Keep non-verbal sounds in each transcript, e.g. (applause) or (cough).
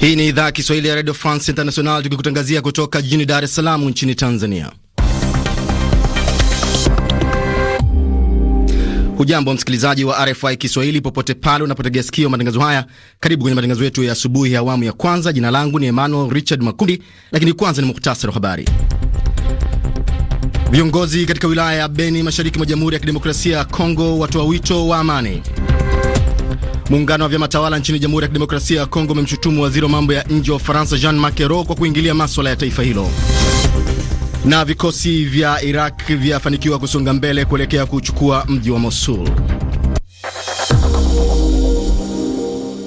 Hii ni idhaa ya Kiswahili ya Radio France International tukikutangazia kutoka jijini Dar es Salaam nchini Tanzania. Hujambo msikilizaji wa RFI Kiswahili popote pale unapotegea sikio matangazo haya. Karibu kwenye matangazo yetu ya asubuhi ya awamu ya kwanza. Jina langu ni Emmanuel Richard Makundi, lakini kwanza ni muktasari wa habari. Viongozi katika wilaya ya Beni, mashariki mwa Jamhuri ya Kidemokrasia ya Kongo watoa wito wa amani. Muungano wa vyama tawala nchini Jamhuri ya Kidemokrasia ya Kongo umemshutumu waziri wa mambo ya nje wa Ufaransa Jean Marc Ayrault kwa kuingilia maswala ya taifa hilo. Na vikosi vya Iraq vyafanikiwa kusonga mbele kuelekea kuchukua mji wa Mosul.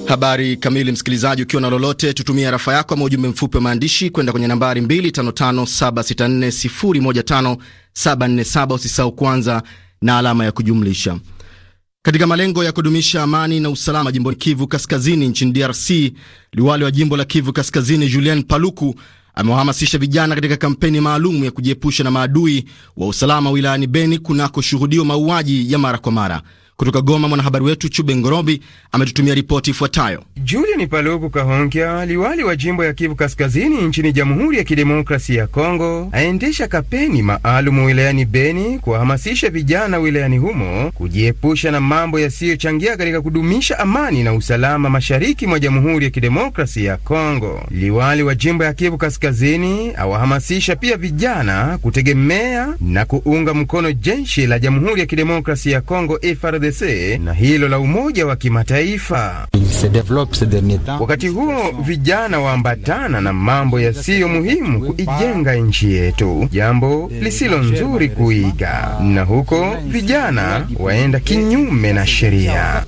Habari kamili, msikilizaji, ukiwa na lolote, tutumia rafa yako ama ujumbe mfupi wa maandishi kwenda kwenye nambari 255764015747. Usisahau kwanza na alama ya kujumlisha. Katika malengo ya kudumisha amani na usalama jimboni Kivu Kaskazini nchini DRC, liwali wa jimbo la Kivu Kaskazini Julien Paluku amewahamasisha vijana katika kampeni maalum ya kujiepusha na maadui wa usalama wilayani Beni kunakoshuhudiwa mauaji ya mara kwa mara. Kutoka Goma, mwanahabari wetu Chube Ngorobi ametutumia ripoti ifuatayo. Julian Paluku kahonkya liwali wa jimbo ya Kivu Kaskazini nchini Jamhuri ya Kidemokrasia ya Kongo, aendesha kapeni maalumu wilayani Beni kuwahamasisha vijana wilayani humo kujiepusha na mambo yasiyochangia katika kudumisha amani na usalama mashariki mwa Jamhuri ya Kidemokrasia ya Kongo. Liwali wa jimbo ya Kivu Kaskazini awahamasisha pia vijana kutegemea na kuunga mkono jeshi la Jamhuri ya Kidemokrasia ya Kongo FARDC EAC na hilo la Umoja wa Kimataifa. Wakati huo vijana waambatana na mambo yasiyo muhimu kuijenga nchi yetu, jambo lisilo nzuri kuiga, na huko vijana waenda kinyume na sheria.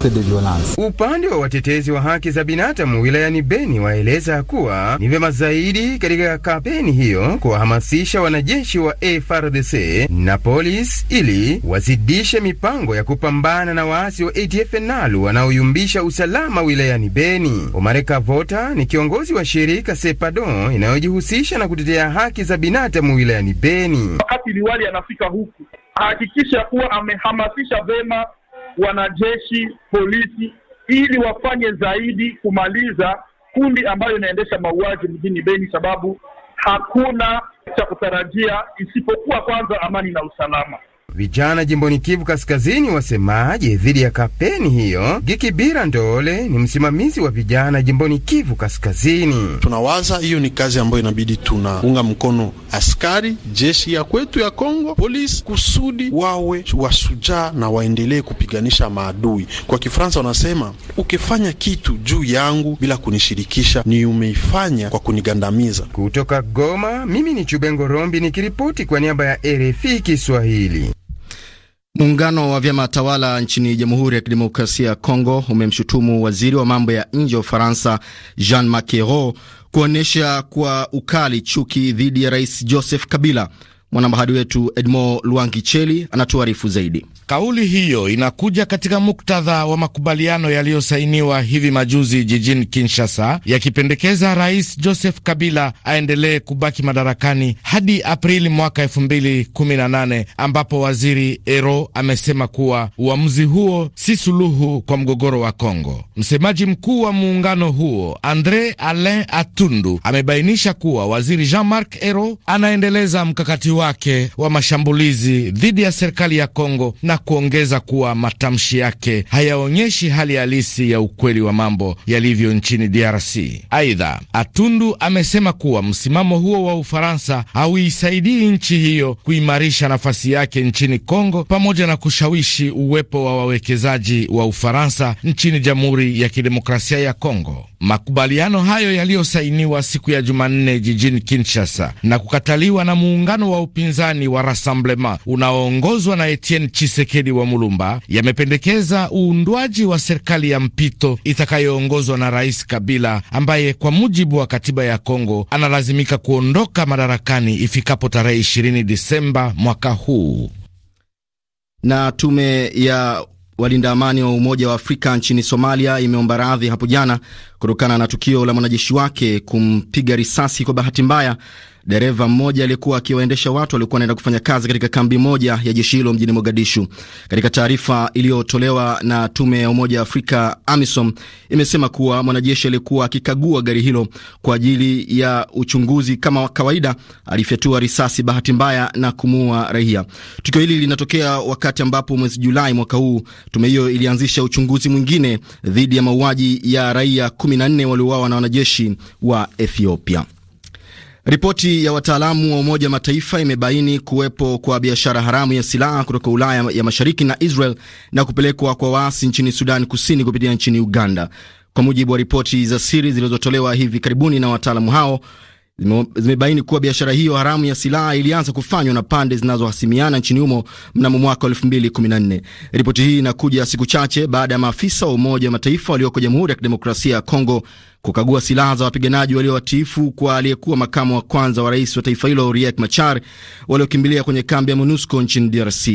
Upande wa watetezi wa haki za binadamu wilayani Beni waeleza kuwa ni vyema zaidi katika kampeni hiyo kuwahamasisha wanajeshi wa FARDC na polisi ili wazidishe mipango ya kupambana kupambana na waasi wa ADF NALU wanaoyumbisha usalama wilayani Beni. Omareka Vota ni kiongozi wa shirika Sepadon inayojihusisha na kutetea haki za binadamu wilayani Beni. Wakati liwali anafika huku, ahakikisha kuwa amehamasisha vema wanajeshi, polisi ili wafanye zaidi kumaliza kundi ambayo inaendesha mauaji mjini Beni, sababu hakuna cha kutarajia isipokuwa kwanza amani na usalama. Vijana jimboni Kivu Kaskazini wasemaje dhidi ya kampeni hiyo? Gikibira Ndole ni msimamizi wa vijana jimboni Kivu Kaskazini. Tunawaza hiyo ni kazi ambayo inabidi tunaunga mkono askari jeshi ya kwetu ya Kongo, polisi, kusudi wawe washujaa na waendelee kupiganisha maadui. Kwa Kifaransa wanasema ukifanya kitu juu yangu bila kunishirikisha, ni umeifanya kwa kunigandamiza. Kutoka Goma, mimi ni Chubengo Rombi nikiripoti kwa niaba ya RFI Kiswahili. Muungano wa vyama tawala nchini Jamhuri ya Kidemokrasia ya Kongo umemshutumu waziri wa mambo ya nje wa Ufaransa Jean makero kuonyesha kwa ukali chuki dhidi ya Rais Joseph Kabila. Mwanamahadi wetu Edmo Luangicheli anatuarifu zaidi. Kauli hiyo inakuja katika muktadha wa makubaliano yaliyosainiwa hivi majuzi jijini Kinshasa yakipendekeza Rais Joseph Kabila aendelee kubaki madarakani hadi Aprili mwaka 2018 ambapo Waziri Ero amesema kuwa uamuzi huo si suluhu kwa mgogoro wa Kongo. Msemaji mkuu wa muungano huo Andre Alain Atundu amebainisha kuwa Waziri Jean-Marc Ero anaendeleza mkakati wake wa mashambulizi dhidi ya serikali ya Kongo na na kuongeza kuwa matamshi yake hayaonyeshi hali halisi ya ukweli wa mambo yalivyo nchini DRC. Aidha, Atundu amesema kuwa msimamo huo wa Ufaransa hauisaidii nchi hiyo kuimarisha nafasi yake nchini Kongo pamoja na kushawishi uwepo wa wawekezaji wa Ufaransa nchini Jamhuri ya Kidemokrasia ya Kongo. Makubaliano hayo yaliyosainiwa siku ya Jumanne jijini Kinshasa na kukataliwa na muungano wa upinzani wa Rassemblement unaoongozwa na Etienne chisekedi wa Mulumba yamependekeza uundwaji wa serikali ya mpito itakayoongozwa na Rais Kabila ambaye kwa mujibu wa katiba ya Kongo analazimika kuondoka madarakani ifikapo tarehe 20 Disemba mwaka huu na tume ya walinda amani wa Umoja wa Afrika nchini Somalia imeomba radhi hapo jana kutokana na tukio la mwanajeshi wake kumpiga risasi kwa bahati mbaya Dereva mmoja aliyekuwa akiwaendesha watu waliokuwa wanaenda kufanya kazi katika kambi moja ya jeshi hilo mjini Mogadishu. Katika taarifa iliyotolewa na tume ya Umoja wa Afrika AMISOM imesema kuwa mwanajeshi aliyekuwa akikagua gari hilo kwa ajili ya uchunguzi kama kawaida alifyatua risasi bahati mbaya na kumuua raia. Tukio hili linatokea wakati ambapo mwezi Julai mwaka huu tume hiyo ilianzisha uchunguzi mwingine dhidi ya mauaji ya raia 14 waliouawa na wanajeshi wa Ethiopia. Ripoti ya wataalamu wa Umoja Mataifa imebaini kuwepo kwa biashara haramu ya silaha kutoka Ulaya ya Mashariki na Israel na kupelekwa kwa waasi nchini Sudan Kusini kupitia nchini Uganda. Kwa mujibu wa ripoti za siri zilizotolewa hivi karibuni na wataalamu hao, zimebaini kuwa biashara hiyo haramu ya silaha ilianza kufanywa na pande zinazohasimiana nchini humo mnamo mwaka 2014. Ripoti hii inakuja siku chache baada ya maafisa wa Umoja wa Mataifa walioko Jamhuri ya Kidemokrasia ya Kongo kukagua silaha za wapiganaji waliowatiifu kwa aliyekuwa makamu wa kwanza wa rais wa taifa hilo Riek Machar waliokimbilia kwenye kambi ya MONUSCO nchini DRC.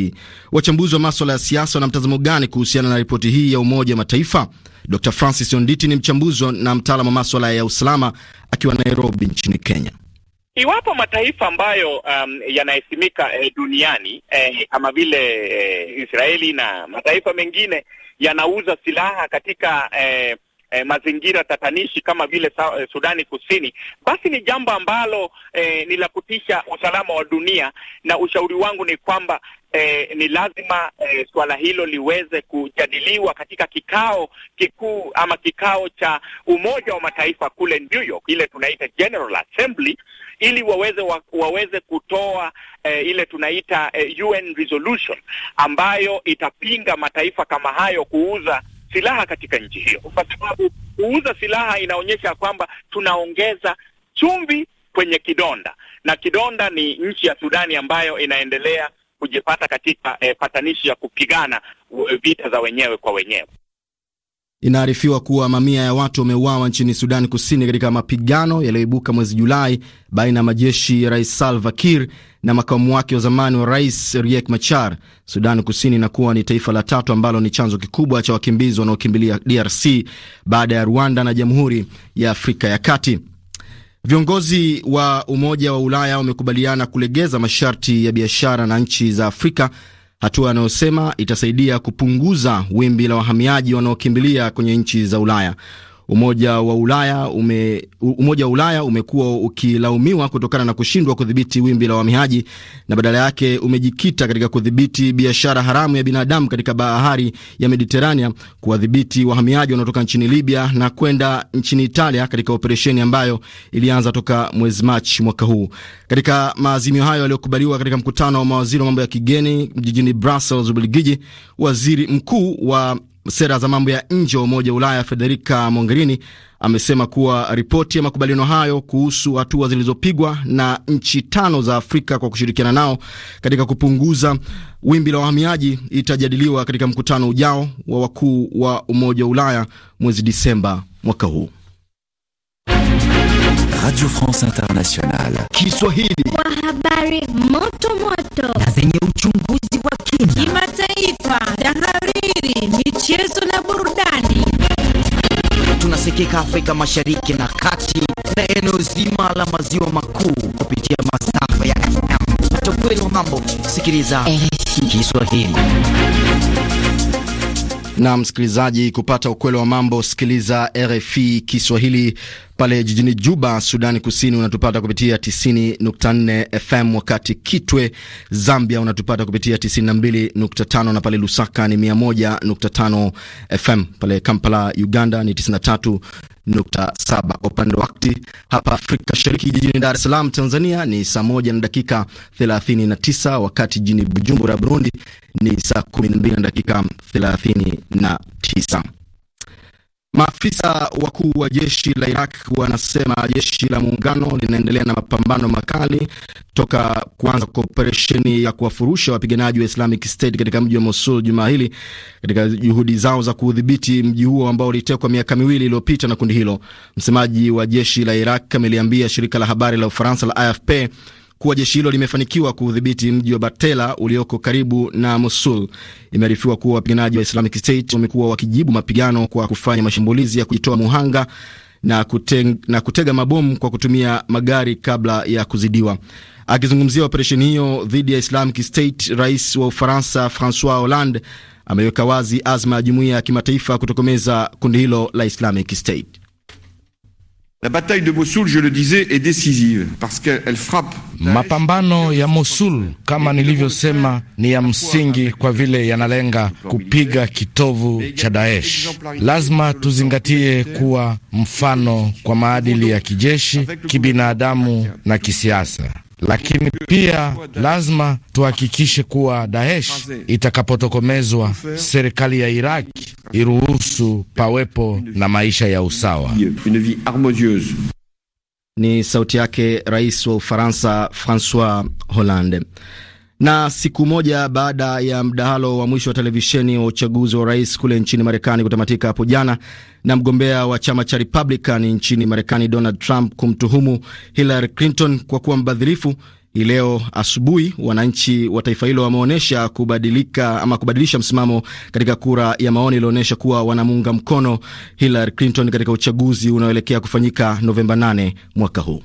Wachambuzi wa maswala ya siasa wana mtazamo gani kuhusiana na ripoti hii ya Umoja wa Mataifa? Dr Francis Onditi ni mchambuzi na mtaalamu wa maswala ya usalama akiwa Nairobi nchini Kenya. Iwapo mataifa ambayo um, yanaheshimika eh, duniani eh, kama vile eh, Israeli na mataifa mengine yanauza silaha katika eh, e, mazingira tatanishi kama vile e, Sudani Kusini, basi ni jambo ambalo e, ni la kutisha usalama wa dunia, na ushauri wangu ni kwamba eh, ni lazima eh, suala hilo liweze kujadiliwa katika kikao kikuu ama kikao cha Umoja wa Mataifa kule New York, ile tunaita General Assembly, ili waweze wa, waweze kutoa eh, ile tunaita eh, UN resolution ambayo itapinga mataifa kama hayo kuuza silaha katika nchi hiyo, kwa sababu kuuza silaha inaonyesha kwamba tunaongeza chumvi kwenye kidonda, na kidonda ni nchi ya Sudani ambayo inaendelea kujipata katika eh, patanishi ya kupigana eh, vita za wenyewe kwa wenyewe. Inaarifiwa kuwa mamia ya watu wameuawa nchini Sudani Kusini katika mapigano yaliyoibuka mwezi Julai baina ya majeshi ya Rais Salva Kiir na makamu wake wa zamani wa rais Riek Machar. Sudani Kusini inakuwa ni taifa la tatu ambalo ni chanzo kikubwa cha wakimbizi wanaokimbilia DRC baada ya Rwanda na Jamhuri ya Afrika ya Kati. Viongozi wa Umoja wa Ulaya wamekubaliana kulegeza masharti ya biashara na nchi za Afrika, hatua anayosema itasaidia kupunguza wimbi la wahamiaji wanaokimbilia kwenye nchi za Ulaya. Umoja wa Ulaya ume, Umoja wa Ulaya umekuwa ukilaumiwa kutokana na kushindwa kudhibiti wimbi la wahamiaji na badala yake umejikita katika kudhibiti biashara haramu ya binadamu katika bahari ya Mediterania, kuwadhibiti wahamiaji wanaotoka nchini Libya na kwenda nchini Italia katika operesheni ambayo ilianza toka mwezi Machi mwaka huu. Katika maazimio hayo yaliyokubaliwa katika mkutano wa mawaziri wa mambo ya kigeni jijini Brussels, Ubelgiji, waziri mkuu wa sera za mambo ya nje wa Umoja wa Ulaya Federica mongerini amesema kuwa ripoti ya makubaliano hayo kuhusu hatua zilizopigwa na nchi tano za Afrika kwa kushirikiana nao katika kupunguza wimbi la wahamiaji itajadiliwa katika mkutano ujao wa wakuu wa Umoja wa Ulaya mwezi Disemba mwaka huu. Radio France Internationale Kiswahili, kwa habari moto moto na zenye uchunguzi wa kina, kimataifa michezo na burudani. Tunasikika Afrika Mashariki na Kati na eneo zima la maziwa makuu kupitia masafa ya FM. Tokweni wa mambo, sikiliza Kiswahili. Na msikilizaji, kupata ukweli wa mambo, sikiliza RFI Kiswahili. Pale jijini Juba, Sudani Kusini, unatupata kupitia 90.4 FM, wakati Kitwe, Zambia, unatupata kupitia 92.5 na pale Lusaka ni 101.5 FM. Pale Kampala, Uganda ni 93 Kwa upande wa wakati hapa Afrika shariki jijini Dar es Salaam Tanzania ni saa moja na dakika 39 wakati jijini Bujumbura Burundi ni saa 12 na dakika 39 Maafisa wakuu wa jeshi la Iraq wanasema jeshi la muungano linaendelea na mapambano makali toka kuanza kwa operesheni ya kuwafurusha wapiganaji wa Islamic State katika mji wa Mosul jumaa hili katika juhudi zao za kuudhibiti mji huo ambao ulitekwa miaka miwili iliyopita na kundi hilo. Msemaji wa jeshi la Iraq ameliambia shirika la habari la Ufaransa la AFP kuwa jeshi hilo limefanikiwa kuudhibiti mji wa bartela ulioko karibu na Mosul. Imearifiwa kuwa wapiganaji wa Islamic State wamekuwa wakijibu mapigano kwa kufanya mashambulizi ya kujitoa muhanga na, kuteng, na kutega mabomu kwa kutumia magari kabla ya kuzidiwa. Akizungumzia operesheni hiyo dhidi ya Islamic State, rais wa Ufaransa Francois Hollande ameweka wazi azma ya jumuiya ya kimataifa kutokomeza kundi hilo la Islamic State. La bataille de Mossoul, je le disais, est décisive parce qu'elle frappe. Mapambano ya Mosul kama nilivyosema ni ya msingi kwa vile yanalenga kupiga kitovu cha Daesh. Lazima tuzingatie kuwa mfano kwa maadili ya kijeshi, kibinadamu na kisiasa lakini pia lazima tuhakikishe kuwa Daesh itakapotokomezwa, serikali ya Iraq iruhusu pawepo na maisha ya usawa. Ni sauti yake Rais wa Ufaransa Francois Hollande. Na siku moja baada ya mdahalo wa mwisho wa televisheni wa uchaguzi wa rais kule nchini Marekani kutamatika hapo jana, na mgombea wa chama cha Republican nchini Marekani Donald Trump kumtuhumu Hillary Clinton kwa kuwa mbadhirifu, hii leo asubuhi wananchi wa taifa hilo wameonyesha kubadilika ama kubadilisha msimamo katika kura ya maoni iliyoonyesha kuwa wanamuunga mkono Hillary Clinton katika uchaguzi unaoelekea kufanyika Novemba 8 mwaka huu.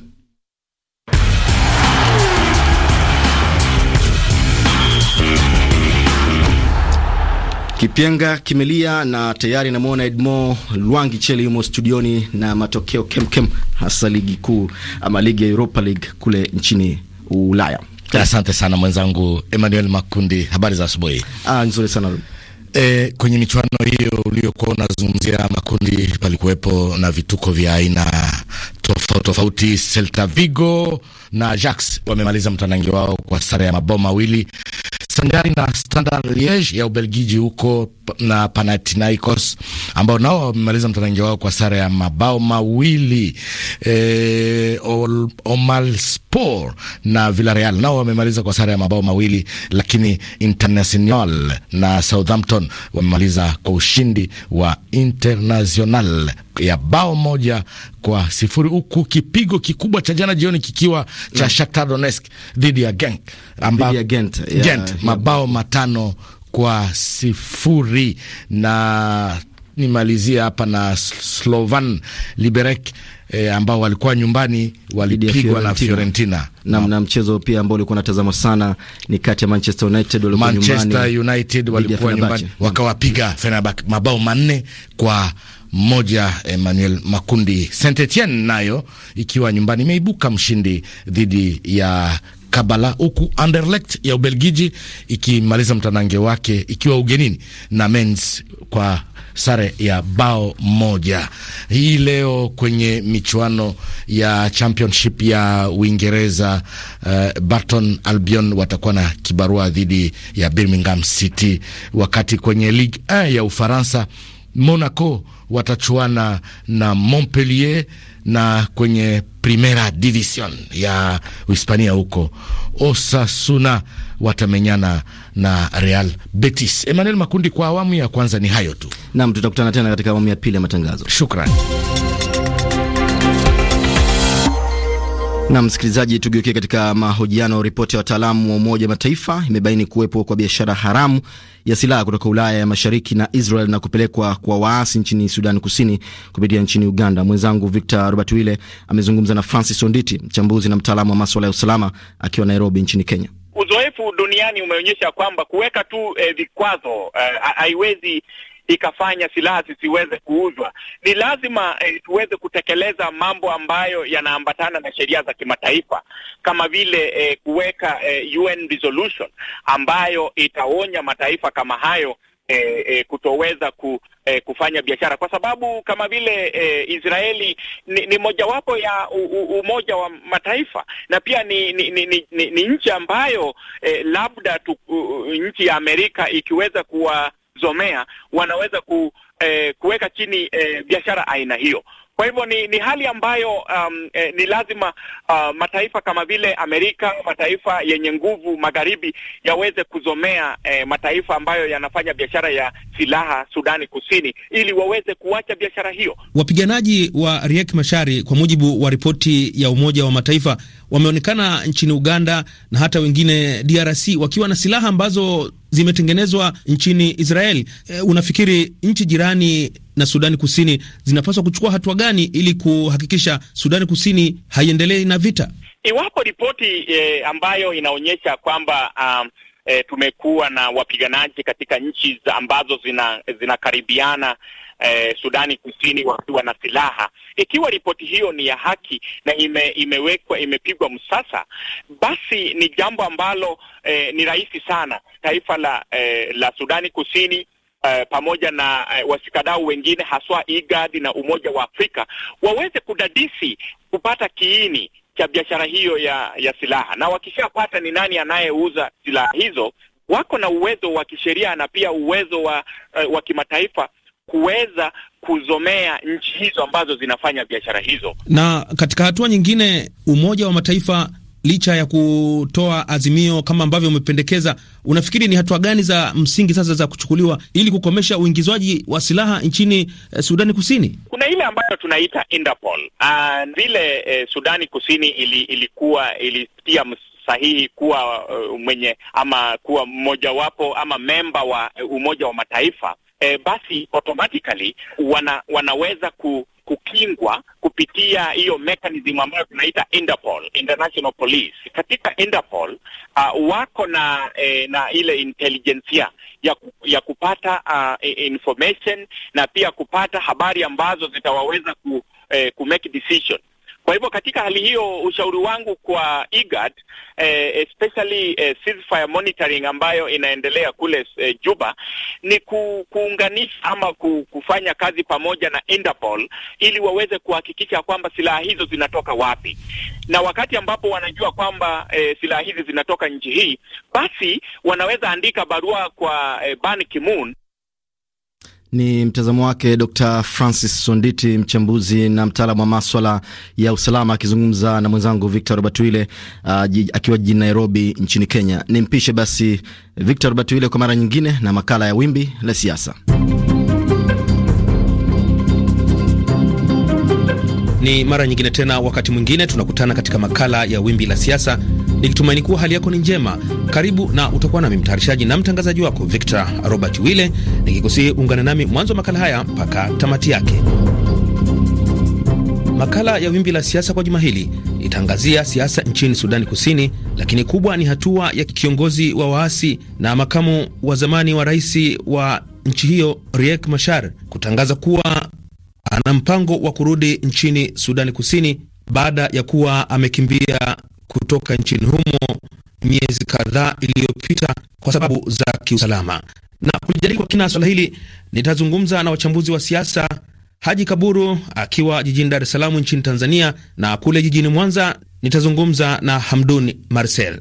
Kipyenga kimelia na tayari namwona Edmo Lwangi Cheli yumo studioni na matokeo kemkem, hasa ligi kuu ama ligi ya Europa League kule nchini Ulaya. Asante sana mwenzangu Emmanuel Makundi, habari za asubuhi. Ah, nzuri sana E, kwenye michuano hiyo uliokuwa unazungumzia makundi, palikuwepo na vituko vya aina tofauti tofauti. Celta Vigo na Ajax wamemaliza mtanangi wao kwa sare ya mabao mawili sanjari na Standard Liege ya Ubelgiji huko na Panathinaikos ambao nao wamemaliza mtanangi wao kwa sare ya mabao mawili. E, eh, Omalspor na Villarreal nao wamemaliza kwa sare ya mabao mawili, lakini Internacional na Southampton wamemaliza kwa ushindi wa Internacional ya bao moja kwa sifuri, huku kipigo kikubwa cha jana jioni kikiwa cha yeah. Mm. Shakhtar Donetsk dhidi ya Genk amba ya Gent, yeah, Gent yeah, mabao yeah. matano kwa sifuri na nimalizia hapa na Slovan Liberec E, ambao walikuwa nyumbani walipigwa na Fiorentina na, na mchezo pia ambao ulikuwa unatazamwa sana ni kati ya Manchester United walikuwa nyumbani, Manchester United walikuwa nyumbani wakawapiga Fenerbahce mabao manne kwa moja. Emmanuel Makundi, Saint Etienne nayo ikiwa nyumbani imeibuka mshindi dhidi ya Kabala, huku Anderlecht ya Ubelgiji ikimaliza mtanange wake ikiwa ugenini na Mens kwa sare ya bao moja. Hii leo kwenye michuano ya championship ya Uingereza, uh, eh, Burton Albion watakuwa na kibarua dhidi ya Birmingham City, wakati kwenye Ligue 1 ya Ufaransa Monaco watachuana na Montpellier na kwenye Primera Division ya Uhispania huko Osasuna watamenyana na Real Betis. Emmanuel Makundi, kwa awamu ya kwanza ni hayo tu. Naam, tutakutana tena katika awamu ya pili ya matangazo. Shukrani. Na msikilizaji, tugeukie katika mahojiano. Ripoti ya wataalamu wa Umoja Mataifa imebaini kuwepo kwa biashara haramu ya silaha kutoka Ulaya ya Mashariki na Israel na kupelekwa kwa waasi nchini Sudan Kusini kupitia nchini Uganda. Mwenzangu Victor Robert Wile amezungumza na Francis Onditi, mchambuzi na mtaalamu wa maswala ya usalama, akiwa Nairobi nchini Kenya. Uzoefu duniani umeonyesha kwamba kuweka tu eh, vikwazo eh, haiwezi eh, ikafanya silaha zisiweze kuuzwa. Ni lazima eh, tuweze kutekeleza mambo ambayo yanaambatana na sheria za kimataifa kama vile eh, kuweka eh, UN resolution ambayo itaonya mataifa kama hayo eh, eh, kutoweza ku eh, kufanya biashara kwa sababu kama vile eh, Israeli ni, ni mojawapo ya u, u, Umoja wa Mataifa na pia ni ni, ni, ni, ni nchi ambayo eh, labda tu, uh, nchi ya Amerika ikiweza kuwa zomea wanaweza ku, eh, kuweka chini eh, biashara aina hiyo. Kwa hivyo ni, ni hali ambayo um, eh, ni lazima uh, mataifa kama vile Amerika, mataifa yenye nguvu magharibi yaweze kuzomea eh, mataifa ambayo yanafanya biashara ya silaha Sudani Kusini ili waweze kuacha biashara hiyo. Wapiganaji wa Riek mashari kwa mujibu wa ripoti ya Umoja wa Mataifa, wameonekana nchini Uganda na hata wengine DRC wakiwa na silaha ambazo zimetengenezwa nchini Israel. E, unafikiri nchi jirani na Sudani Kusini zinapaswa kuchukua hatua gani ili kuhakikisha Sudani Kusini haiendelei na vita? Iwapo ripoti e, ambayo inaonyesha kwamba um, e, tumekuwa na wapiganaji katika nchi ambazo zina, zinakaribiana eh, Sudani Kusini wakiwa na silaha. Ikiwa ripoti hiyo ni ya haki na ime, imewekwa imepigwa msasa, basi ni jambo ambalo eh, ni rahisi sana taifa la, eh, la Sudani Kusini Uh, pamoja na uh, washikadau wengine haswa IGAD na Umoja wa Afrika waweze kudadisi kupata kiini cha biashara hiyo ya, ya silaha, na wakishapata ni nani anayeuza silaha hizo, wako na uwezo wa kisheria na pia uwezo wa, uh, wa kimataifa kuweza kuzomea nchi hizo ambazo zinafanya biashara hizo. Na katika hatua nyingine, Umoja wa Mataifa licha ya kutoa azimio kama ambavyo umependekeza, unafikiri ni hatua gani za msingi sasa za kuchukuliwa ili kukomesha uingizwaji wa silaha nchini eh, Sudani Kusini? Kuna ile ambayo tunaita Interpol ah, vile. Eh, Sudani Kusini ili, ilikuwa ilitia sahihi kuwa uh, mwenye ama kuwa mmojawapo ama memba wa eh, Umoja wa Mataifa e, basi automatically wana, wanaweza ku, kukingwa kupitia hiyo mechanism ambayo tunaita Interpol, International Police. Katika Interpol uh, wako na e, na ile intelligence ya, ya kupata uh, information na pia kupata habari ambazo zitawaweza ku, eh, ku make decision kwa hivyo katika hali hiyo, ushauri wangu kwa IGAD e eh, especially eh, ceasefire monitoring ambayo inaendelea kule eh, Juba ni ku, kuunganisha ama ku, kufanya kazi pamoja na Interpol ili waweze kuhakikisha kwamba silaha hizo zinatoka wapi, na wakati ambapo wanajua kwamba eh, silaha hizi zinatoka nchi hii, basi wanaweza andika barua kwa eh, Ban Ki-moon ni mtazamo wake Dr Francis Sonditi, mchambuzi na mtaalamu wa maswala ya usalama, akizungumza na mwenzangu Victor Robatuile uh, akiwa jijini Nairobi nchini Kenya. Ni mpishe basi Victor Robatuile kwa mara nyingine na makala ya Wimbi la Siasa. Ni mara nyingine tena, wakati mwingine tunakutana katika makala ya Wimbi la Siasa nikitumaini kuwa hali yako ni njema. Karibu na utakuwa nami mtayarishaji na mtangazaji wako Victor Robert Wille, nikikusihi ungana nami mwanzo wa makala haya mpaka tamati yake. Makala ya Wimbi la Siasa kwa juma hili itaangazia siasa nchini Sudani Kusini, lakini kubwa ni hatua ya kiongozi wa waasi na makamu wa zamani wa rais wa nchi hiyo Riek Machar kutangaza kuwa ana mpango wa kurudi nchini Sudani Kusini baada ya kuwa amekimbia kutoka nchini humo miezi kadhaa iliyopita kwa sababu za kiusalama. Na kulijadili kwa kina swala hili, nitazungumza na wachambuzi wa siasa Haji Kaburu akiwa jijini Dar es Salaam nchini Tanzania, na kule jijini Mwanza nitazungumza na Hamdun Marcel.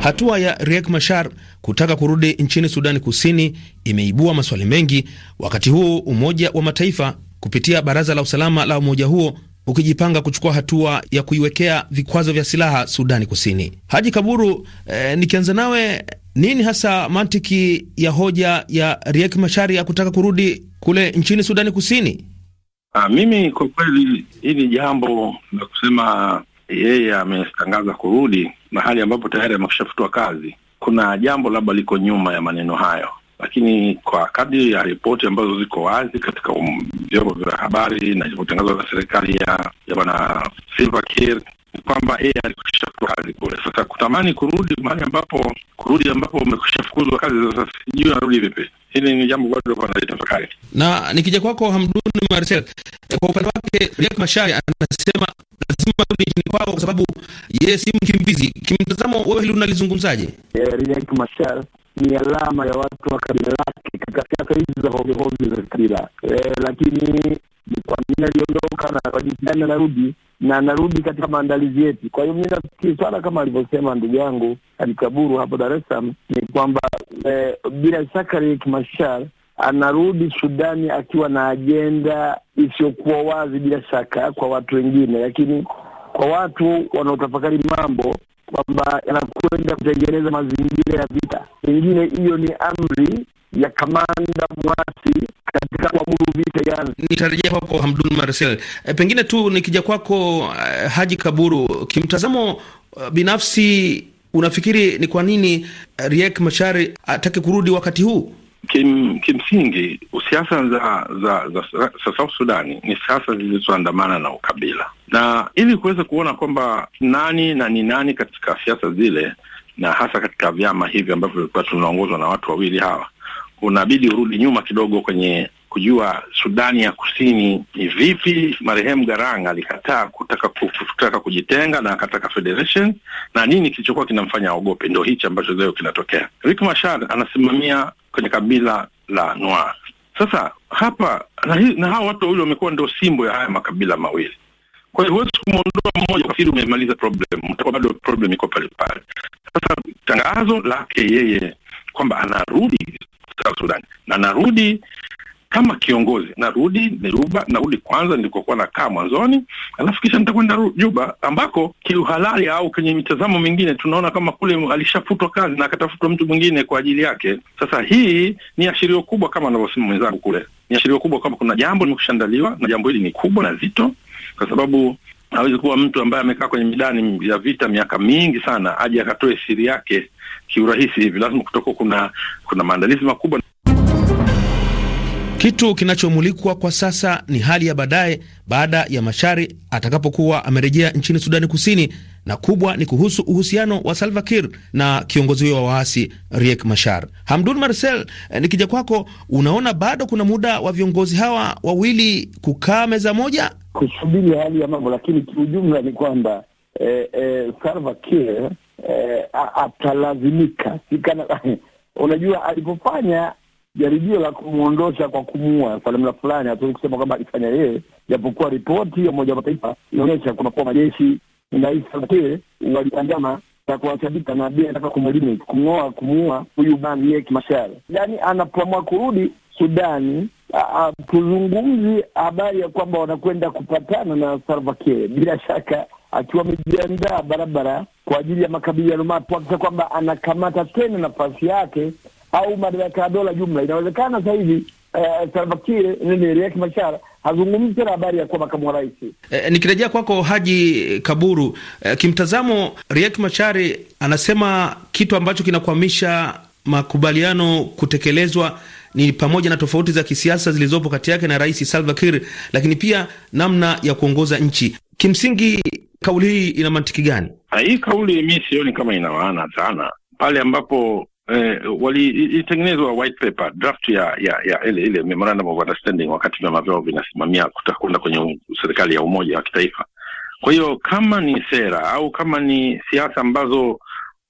Hatua ya Riek Machar kutaka kurudi nchini Sudani Kusini imeibua maswali mengi, wakati huu Umoja wa Mataifa kupitia Baraza la Usalama la umoja huo ukijipanga kuchukua hatua ya kuiwekea vikwazo vya silaha Sudani Kusini. Haji Kaburu, eh, nikianza nawe, nini hasa mantiki ya hoja ya Riek mashari ya kutaka kurudi kule nchini Sudani Kusini? Ha, ah, mimi kwa kweli hili jambo la kusema yeye ametangaza kurudi mahali ambapo tayari amekushafutwa kazi, kuna jambo labda liko nyuma ya maneno hayo lakini kwa kadri ya ripoti ambazo ziko wazi katika um, vyombo vya habari na ilivyotangazwa na serikali ya bwana Salva Kiir ni kwamba yeye alikwisha kazi kule. Sasa kutamani kurudi mahali ambapo kurudi ambapo umekwisha fukuzwa kazi, sasa sijui anarudi vipi. Hili ni jambo bado kwa nalitafakari. Na nikija kwako Hamduni Marcel, eh, kwa upande wake Riek Machar anasema lazima rudi nchini kwao kwa sababu yeye si mkimbizi. Kimtazamo wewe, hili unalizungumzaje? Eh, Riek Machar ni alama ya watu wa kabila lake katika siasa hizi za hogehoge za kabila e, lakini kwa nini aliondoka na kwa jinsi gani anarudi na anarudi katika maandalizi yetu. Kwa hiyo mi nafikiri swala kama alivyosema ndugu yangu Alikaburu hapo Dar es Salaam ni kwamba e, bila shaka Riek Machar anarudi Sudani akiwa na ajenda isiyokuwa wazi bila shaka kwa watu wengine, lakini kwa watu wanaotafakari mambo kwamba yanakwenda kutengeneza mazingira ya vita. Pengine hiyo ni amri ya kamanda mwasi katika kuamuru vita yani. Nitarejea kwako Hamdun Marcel. E, pengine tu nikija kwako eh, Haji Kaburu, kimtazamo eh, binafsi unafikiri ni kwa nini Riek Machar atake kurudi wakati huu? Kim, kimsingi siasa za, za, za, za South Sudani ni siasa zilizoandamana na ukabila na ili kuweza kuona kwamba nani na ni nani katika siasa zile na hasa katika vyama hivi ambavyo vilikuwa tunaongozwa na watu wawili hawa, unabidi urudi nyuma kidogo kwenye kujua Sudani ya Kusini ni vipi. Marehemu Garang alikataa kutaka, kutaka kujitenga na akataka federation, na nini kilichokuwa kinamfanya aogope? Ndio hichi ambacho leo kinatokea. Rik Mashar anasimamia kwenye kabila la Noir. Sasa hapa na, na hawa watu wawili wamekuwa ndio simbo ya haya makabila mawili kwa hiyo huwezi kumwondoa mmoja ukafikiri umemaliza problem, mtakuwa bado problem iko pale pale. Sasa tangazo lake yeye kwamba anarudi South Sudan na narudi kama kiongozi, narudi Niruba, narudi kwanza nilikokuwa nakaa mwanzoni, alafu kisha nitakwenda Juba ambako kiuhalali au kwenye mitazamo mingine tunaona kama kule alishafutwa kazi na akatafutwa mtu mwingine kwa ajili yake. Sasa hii ni ashirio kubwa, kama anavyosema mwenzangu kule, ni ashirio kubwa kwamba kuna jambo limekushaandaliwa, na jambo hili ni kubwa na zito, kwa sababu hawezi kuwa mtu ambaye amekaa kwenye midani ya vita miaka mingi sana aje akatoe siri yake kiurahisi hivi. Lazima kutoka kuna kuna maandalizi makubwa. Kitu kinachomulikwa kwa sasa ni hali ya baadaye baada ya Mashari atakapokuwa amerejea nchini Sudani Kusini, na kubwa ni kuhusu uhusiano wa Salva Kiir na kiongozi huyo wa waasi Riek Machar. Hamdun Marcel, eh, nikija kwako, unaona bado kuna muda wa viongozi hawa wawili kukaa meza moja kusubiri hali ya mambo, lakini kiujumla ni kwamba eh, eh, Salva Kiir eh, atalazimika (laughs) unajua alipofanya jaribio la kumwondosha kwa kumuua kwa namna fulani, hatuwezi kusema kwamba alifanya yeye, japokuwa ripoti ya Umoja wa Mataifa inaonyesha kunakuwa majeshi rais waliandama na kuwajibika na bila nataka kumwelimi kumng'oa kumuua huyu bani yeye yani anapoamua kurudi Sudani tuzungumzi habari ya kwamba wanakwenda kupatana na Salva Kiir, bila shaka akiwa amejiandaa barabara kwa ajili ya makabiliano mapya, akisema kwamba anakamata tena nafasi yake au madaraka ya dola jumla. Inawezekana sasa hivi Uh, Salva Kiir nini Riek Machar hazungumzi tena habari ya kuwa makamu wa rais. E, nikirejea kwako Haji Kaburu, e, kimtazamo Riek Machari anasema kitu ambacho kinakwamisha makubaliano kutekelezwa ni pamoja na tofauti za kisiasa zilizopo kati yake na Rais Salva Kiir, lakini pia namna ya kuongoza nchi. Kimsingi, kauli hii ina mantiki gani? Hii kauli mi sioni kama ina maana sana pale ambapo eh, walitengenezwa white paper draft ya ya, ya ile, ile memorandum of understanding wakati vyama vyao vinasimamia kutaka kwenda kwenye serikali ya umoja wa kitaifa. Kwa hiyo kama ni sera au kama ni siasa ambazo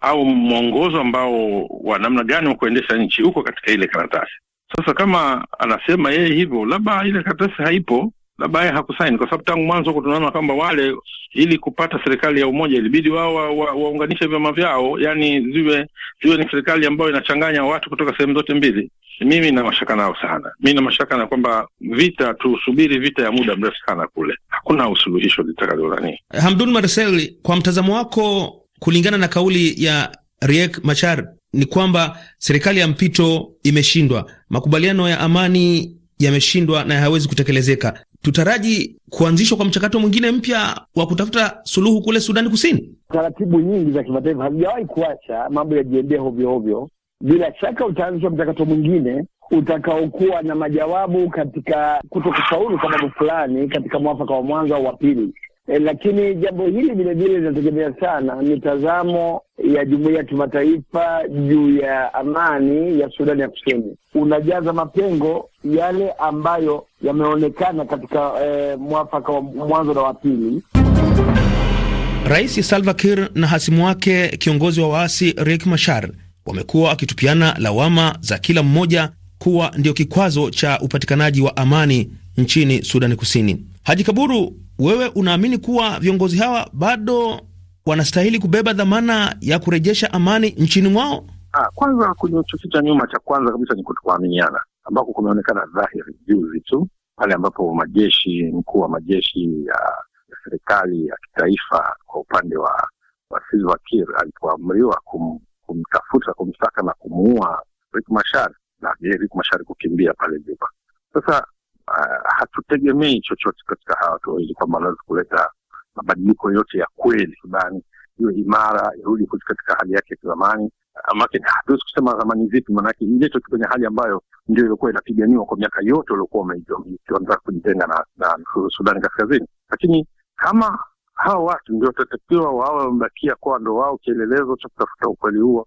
au mwongozo ambao wa namna gani wa kuendesha nchi uko katika ile karatasi, sasa kama anasema yeye hivyo, labda ile karatasi haipo, labda yeye hakusaini, kwa sababu tangu mwanzo huko tunaona kwamba wale, ili kupata serikali ya umoja ilibidi wao waunganishe wa, wa vyama vyao, yani ziwe ziwe ni serikali ambayo inachanganya watu kutoka sehemu zote mbili. Mimi na mashaka nao sana. Mi na mashaka na kwamba vita, tusubiri vita ya muda mrefu sana kule, hakuna usuluhisho litakalolani. Hamdun Marcel, kwa mtazamo wako, kulingana na kauli ya Riek Machar ni kwamba serikali ya mpito imeshindwa, makubaliano ya amani yameshindwa na hayawezi kutekelezeka. Tutaraji kuanzishwa kwa mchakato mwingine mpya wa kutafuta suluhu kule Sudani Kusini. Taratibu nyingi za kimataifa hazijawahi kuacha mambo yajiendee hovyohovyo. Bila shaka utaanzishwa mchakato mwingine utakaokuwa na majawabu katika kuto kufaulu kwa mambo fulani katika mwafaka wa mwanzo au wa pili. E, lakini jambo hili vilevile linategemea sana mitazamo ya jumuiya ya kimataifa juu ya amani ya Sudani ya Kusini. Unajaza mapengo yale ambayo yameonekana katika e, mwafaka wa mwanzo na wa pili. Rais Salva Kiir na hasimu wake kiongozi wa waasi Riek Machar wamekuwa wakitupiana lawama za kila mmoja kuwa ndio kikwazo cha upatikanaji wa amani nchini Sudani Kusini. Haji Kaburu, wewe unaamini kuwa viongozi hawa bado wanastahili kubeba dhamana ya kurejesha amani nchini mwao? Ah, kwanza cha nyuma, cha kwanza kabisa ni kutokuaminiana ambako kumeonekana dhahiri juzi tu pale ambapo majeshi mkuu wa majeshi ya, ya serikali ya kitaifa kwa upande wa wa Salva Kiir alipoamriwa kum, kumtafuta kumsaka na kumuua Riek Machar na Riek Machar kukimbia pale Juba. Sasa uh, hatutegemei chochote katika hawa watu wawili kwamba wanaweza kuleta mabadiliko yote ya kweli Sudani iwe imara, irudi katika hali yake ya zamani. Ah, maanake hatuwezi kusema zamani zipi, maanake iletwe kwenye hali ambayo ndio iliokuwa inapiganiwa kwa miaka yote waliokuwa wanataka kujitenga na, na Sudani Kaskazini. Lakini kama hawa watu ndio watatakiwa wawe wamebakia kwa ndo wao kielelezo cha kutafuta ukweli huo,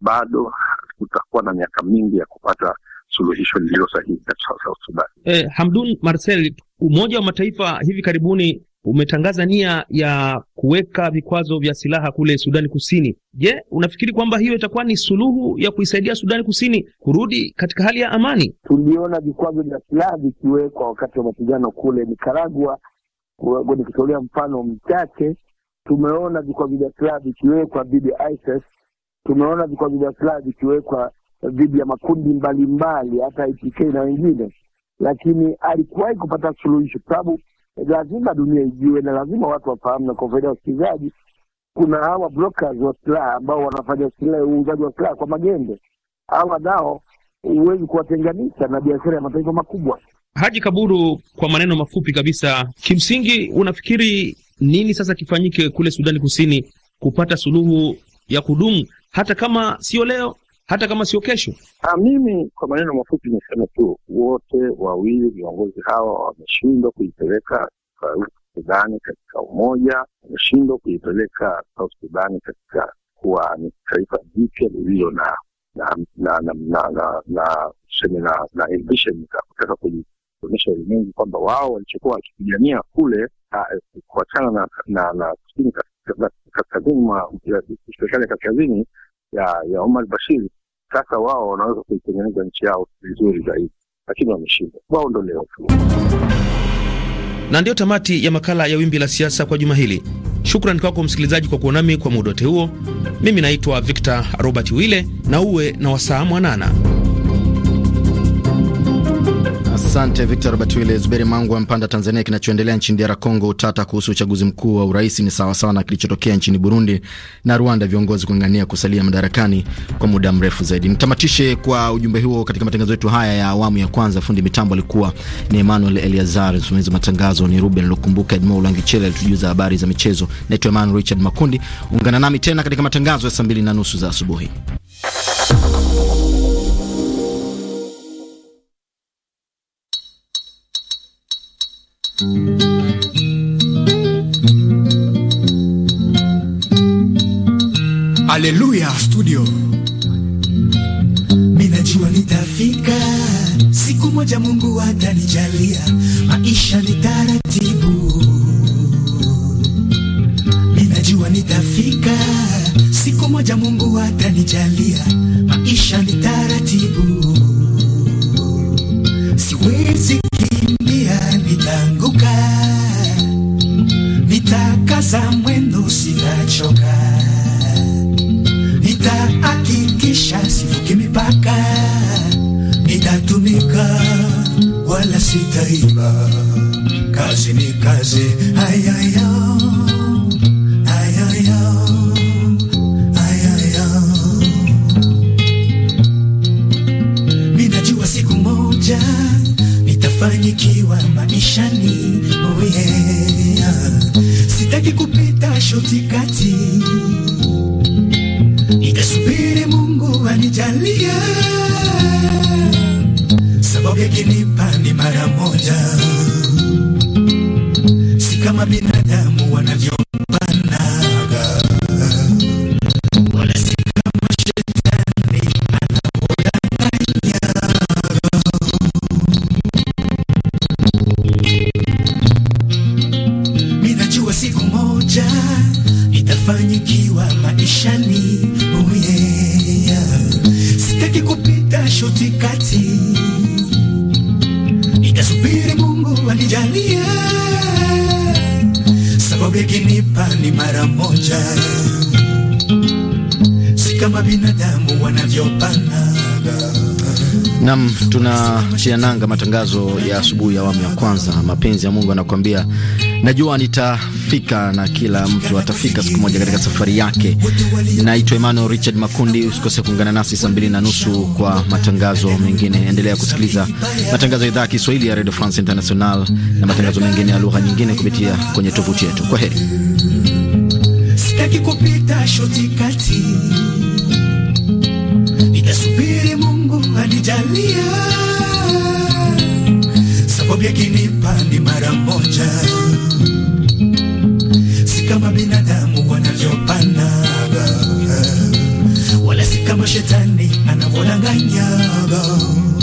bado kutakuwa na miaka mingi ya kupata suluhisho lililo sahihi katika South Sudan. Eh, Hamdun Marcel, Umoja wa Mataifa hivi karibuni umetangaza nia ya kuweka vikwazo vya silaha kule Sudani Kusini. Je, unafikiri kwamba hiyo itakuwa ni suluhu ya kuisaidia Sudani Kusini kurudi katika hali ya amani? Tuliona vikwazo vya silaha vikiwekwa wakati wa mapigano kule Nikaragua. Nikitolea mfano mchache, tumeona vikwazo vya silaha vikiwekwa dhidi ya ISIS, tumeona vikwazo vya silaha vikiwekwa dhidi ya makundi mbalimbali hata APK na wengine, lakini alikuwahi kupata suluhisho, kwa sababu lazima dunia ijue na lazima watu wafahamu. Na kwa faida ya wasikilizaji, kuna hawa brokers wa silaha ambao wanafanya uuzaji wa silaha kwa magendo. Hawa nao huwezi kuwatenganisha na biashara ya mataifa makubwa. Haji Kaburu, kwa maneno mafupi kabisa, kimsingi unafikiri nini sasa kifanyike kule Sudani Kusini kupata suluhu ya kudumu, hata kama sio leo hata kama sio kesho? Ha, ah, mimi kwa maneno mafupi niseme tu, wote wawili viongozi hawa wameshindwa kuipeleka Sudani katika umoja, wameshindwa kuipeleka South Sudani katika kuwa ni taifa jipya lililo na na na na na na tuseme na na ambition za kutaka kuonyesha ulimwengu kwamba wao walichokuwa wakipigania kule, ah, eh, kuachana na na na kusini kaskazini mwa serikali ya kaskazini ya ya Omar Bashir sasa wao wanaweza kuitengeneza nchi yao vizuri zaidi, lakini wameshindwa wao, ndo leo tu. Na ndiyo tamati ya makala ya Wimbi la Siasa kwa juma hili. Shukrani kwako msikilizaji kwa kuwa nami kwa muda wote huo. Mimi naitwa Victor Robert Wile, na uwe na wasaa mwanana. Asante Victor Batwile. Zuberi Mangu wa Mpanda, Tanzania. Kinachoendelea nchini DR Congo, utata kuhusu uchaguzi mkuu wa urais ni sawasawa na kilichotokea nchini Burundi na Rwanda, viongozi kung'ang'ania kusalia madarakani kwa muda mrefu zaidi. Nitamatishe kwa ujumbe huo katika matangazo yetu haya ya awamu ya kwanza. Fundi mitambo alikuwa ni Emmanuel Eliazar, msimamizi wa matangazo ni Ruben Lukumbuka, Edmo Ulangichele alitujuza habari za michezo. Naitwa Emmanuel Richard Makundi. Ungana nami tena katika matangazo ya saa mbili na nusu za asubuhi. Aleluya Studio. Ninajua nitafika siku moja, Mungu atanijalia. Maisha ni taratibu, ninajua nitafika siku moja, Mungu atanijalia. Maisha ni taratibu, siwezi Nitaanguka, nitakaza mwendo, sitachoka, nitahakikisha sivuki mipaka, nitatumika wala sitaiba. Kazi ni kazi, hayayo ungekinipa ni mara moja, si kama binadamu wanavyopanaga. Nam, tunatia nanga matangazo ya asubuhi ya awamu ya kwanza. Mapenzi ya Mungu anakuambia Najua nitafika na kila mtu atafika siku moja katika safari yake. Naitwa Emmanuel Richard Makundi. Usikose kuungana nasi saa mbili na nusu kwa matangazo mengine. Endelea kusikiliza matangazo ya idhaa ya Kiswahili ya Radio France International na matangazo mengine ya lugha nyingine kupitia kwenye tovuti yetu. Kwa heri. nitasubiri Mungu anijalia. Nakwambia kinipa ni mara moja, si kama binadamu wanavyopanaga wala si kama shetani anavyodanganya.